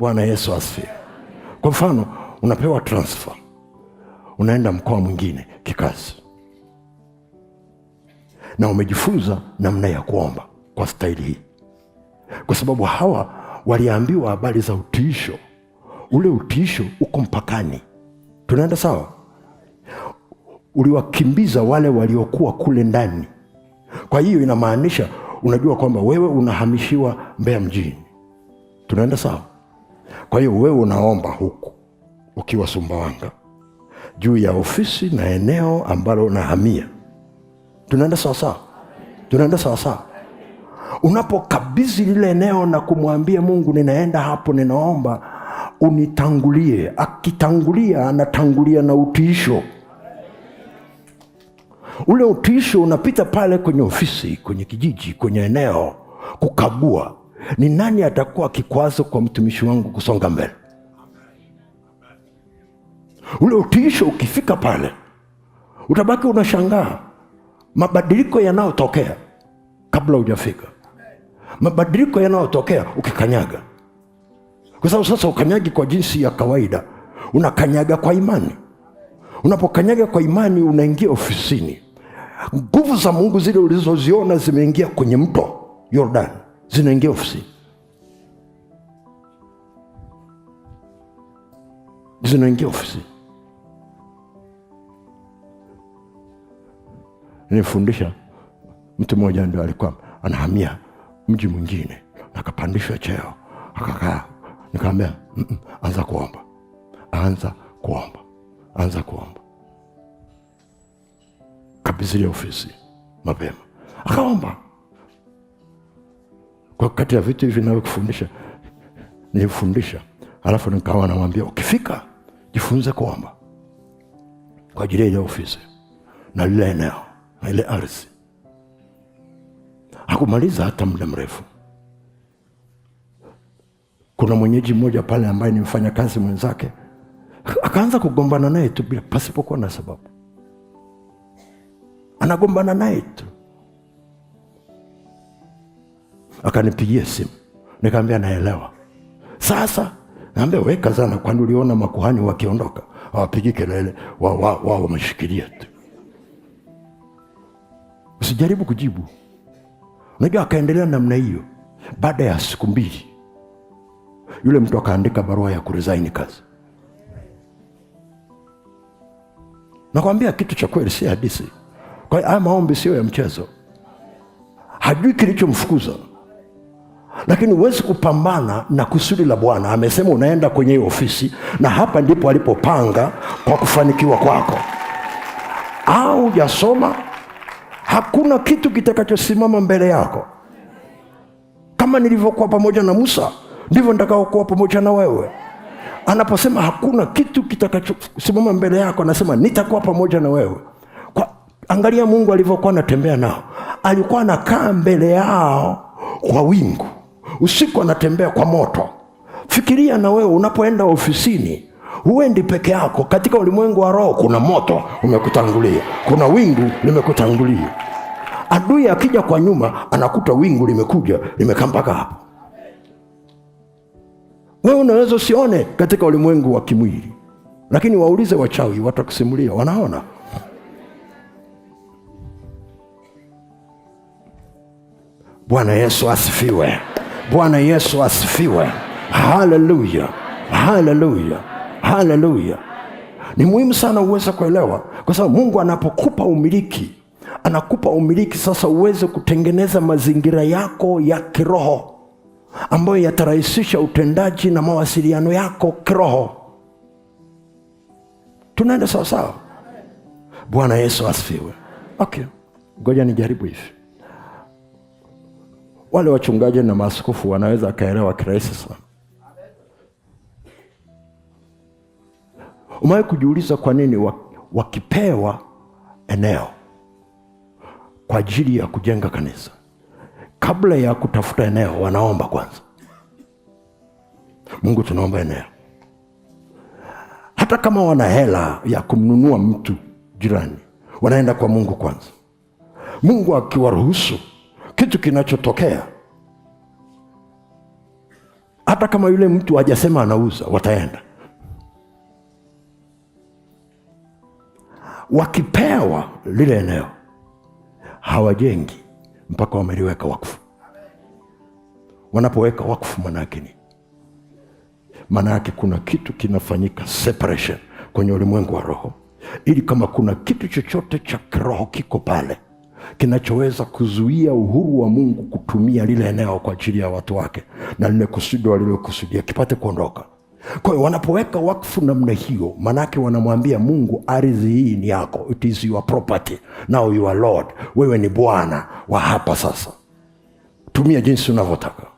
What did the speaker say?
Bwana Yesu asifiwe. Kwa mfano, unapewa transfer, unaenda mkoa mwingine kikazi, na umejifunza namna ya kuomba kwa staili hii, kwa sababu hawa waliambiwa habari za utiisho. Ule utiisho uko mpakani, tunaenda sawa. Uliwakimbiza wale waliokuwa kule ndani. Kwa hiyo inamaanisha unajua kwamba wewe unahamishiwa Mbeya mjini, tunaenda sawa kwa hiyo wewe unaomba huku ukiwa Sumbawanga juu ya ofisi na eneo ambalo unahamia. Tunaenda sawa, tunaenda sawa. Unapokabidhi lile eneo na kumwambia Mungu, ninaenda hapo, ninaomba unitangulie. Akitangulia anatangulia na utiisho ule utiisho unapita pale kwenye ofisi, kwenye kijiji, kwenye eneo, kukagua ni nani atakuwa kikwazo kwa mtumishi wangu kusonga mbele? Ule utiisho ukifika pale, utabaki unashangaa mabadiliko yanayotokea kabla hujafika, mabadiliko yanayotokea ukikanyaga, kwa sababu sasa ukanyagi kwa jinsi ya kawaida, unakanyaga kwa imani. Unapokanyaga kwa imani, unaingia ofisini, nguvu za Mungu zile ulizoziona zimeingia kwenye mto Yordani zinaingia ofisini, zinaingia ofisini. nifundisha mtu mmoja ndio alikuwa anahamia mji mwingine, akapandishwa cheo, akakaa. Nikaambia anza kuomba, anza kuomba, anza kuomba, kabizilia ofisi mapema, akaomba kwa kati ya vitu hivi navyokufundisha nilifundisha, alafu nikawa namwambia ukifika, jifunze kuomba kwa ajili ya ile ofisi na lile eneo na ile ardhi. Hakumaliza hata muda mrefu, kuna mwenyeji mmoja pale ambaye ni mfanya kazi mwenzake, akaanza kugombana naye tu bila pasipokuwa na sababu, anagombana naye tu akanipigia simu, nikaambia naelewa. Sasa naambia weka sana, kwani uliona makuhani wakiondoka hawapigi kelele, wao wameshikilia tu, usijaribu kujibu. Unajua, akaendelea namna hiyo. Baada ya siku mbili, yule mtu akaandika barua ya kuresign kazi. Nakwambia kitu cha kweli, si hadisi. Kwa hiyo haya maombi sio ya mchezo. Hajui kilichomfukuza lakini huwezi kupambana na kusudi la Bwana. Amesema unaenda kwenye hiyo ofisi, na hapa ndipo alipopanga kwa kufanikiwa kwako. Au jasoma, hakuna kitu kitakachosimama mbele yako. Kama nilivyokuwa pamoja na Musa, ndivyo nitakaokuwa pamoja na wewe. Anaposema hakuna kitu kitakachosimama mbele yako, anasema nitakuwa pamoja na wewe. Kwa, angalia Mungu alivyokuwa anatembea nao, alikuwa anakaa mbele yao kwa wingu usiku anatembea kwa moto. Fikiria na wewe unapoenda ofisini, huendi peke yako. Katika ulimwengu wa roho kuna moto umekutangulia, kuna wingu limekutangulia. Adui akija kwa nyuma, anakuta wingu limekuja limekaa mpaka hapo. Wewe unaweza usione katika ulimwengu wa kimwili, lakini waulize wachawi, watakusimulia, wanaona. Bwana Yesu asifiwe. Bwana Yesu asifiwe. Haleluya, haleluya, haleluya. Ni muhimu sana uweze kuelewa, kwa sababu Mungu anapokupa umiliki anakupa umiliki sasa uweze kutengeneza mazingira yako ya kiroho ambayo yatarahisisha utendaji na mawasiliano yako kiroho. Tunaenda sawasawa? Bwana Yesu asifiwe. Okay, ngoja nijaribu hivi wale wachungaji na maaskofu wanaweza akaelewa kirahisi sana. Umewahi kujiuliza kwa nini wakipewa eneo kwa ajili ya kujenga kanisa, kabla ya kutafuta eneo wanaomba kwanza, Mungu tunaomba eneo. Hata kama wana hela ya kumnunua mtu jirani, wanaenda kwa Mungu kwanza. Mungu akiwaruhusu kitu kinachotokea, hata kama yule mtu hajasema anauza, wataenda wakipewa lile eneo hawajengi mpaka wameliweka wakfu. Wanapoweka wakfu, maana ni maana yake kuna kitu kinafanyika separation kwenye ulimwengu wa roho, ili kama kuna kitu chochote cha kiroho kiko pale kinachoweza kuzuia uhuru wa Mungu kutumia lile eneo kwa ajili ya watu wake na lile kusudi walilokusudia kipate kuondoka. Kwa hiyo wanapoweka wakfu namna hiyo, maanake wanamwambia Mungu, ardhi hii ni yako, it is your property, now you are Lord. Wewe ni bwana wa hapa sasa, tumia jinsi unavyotaka.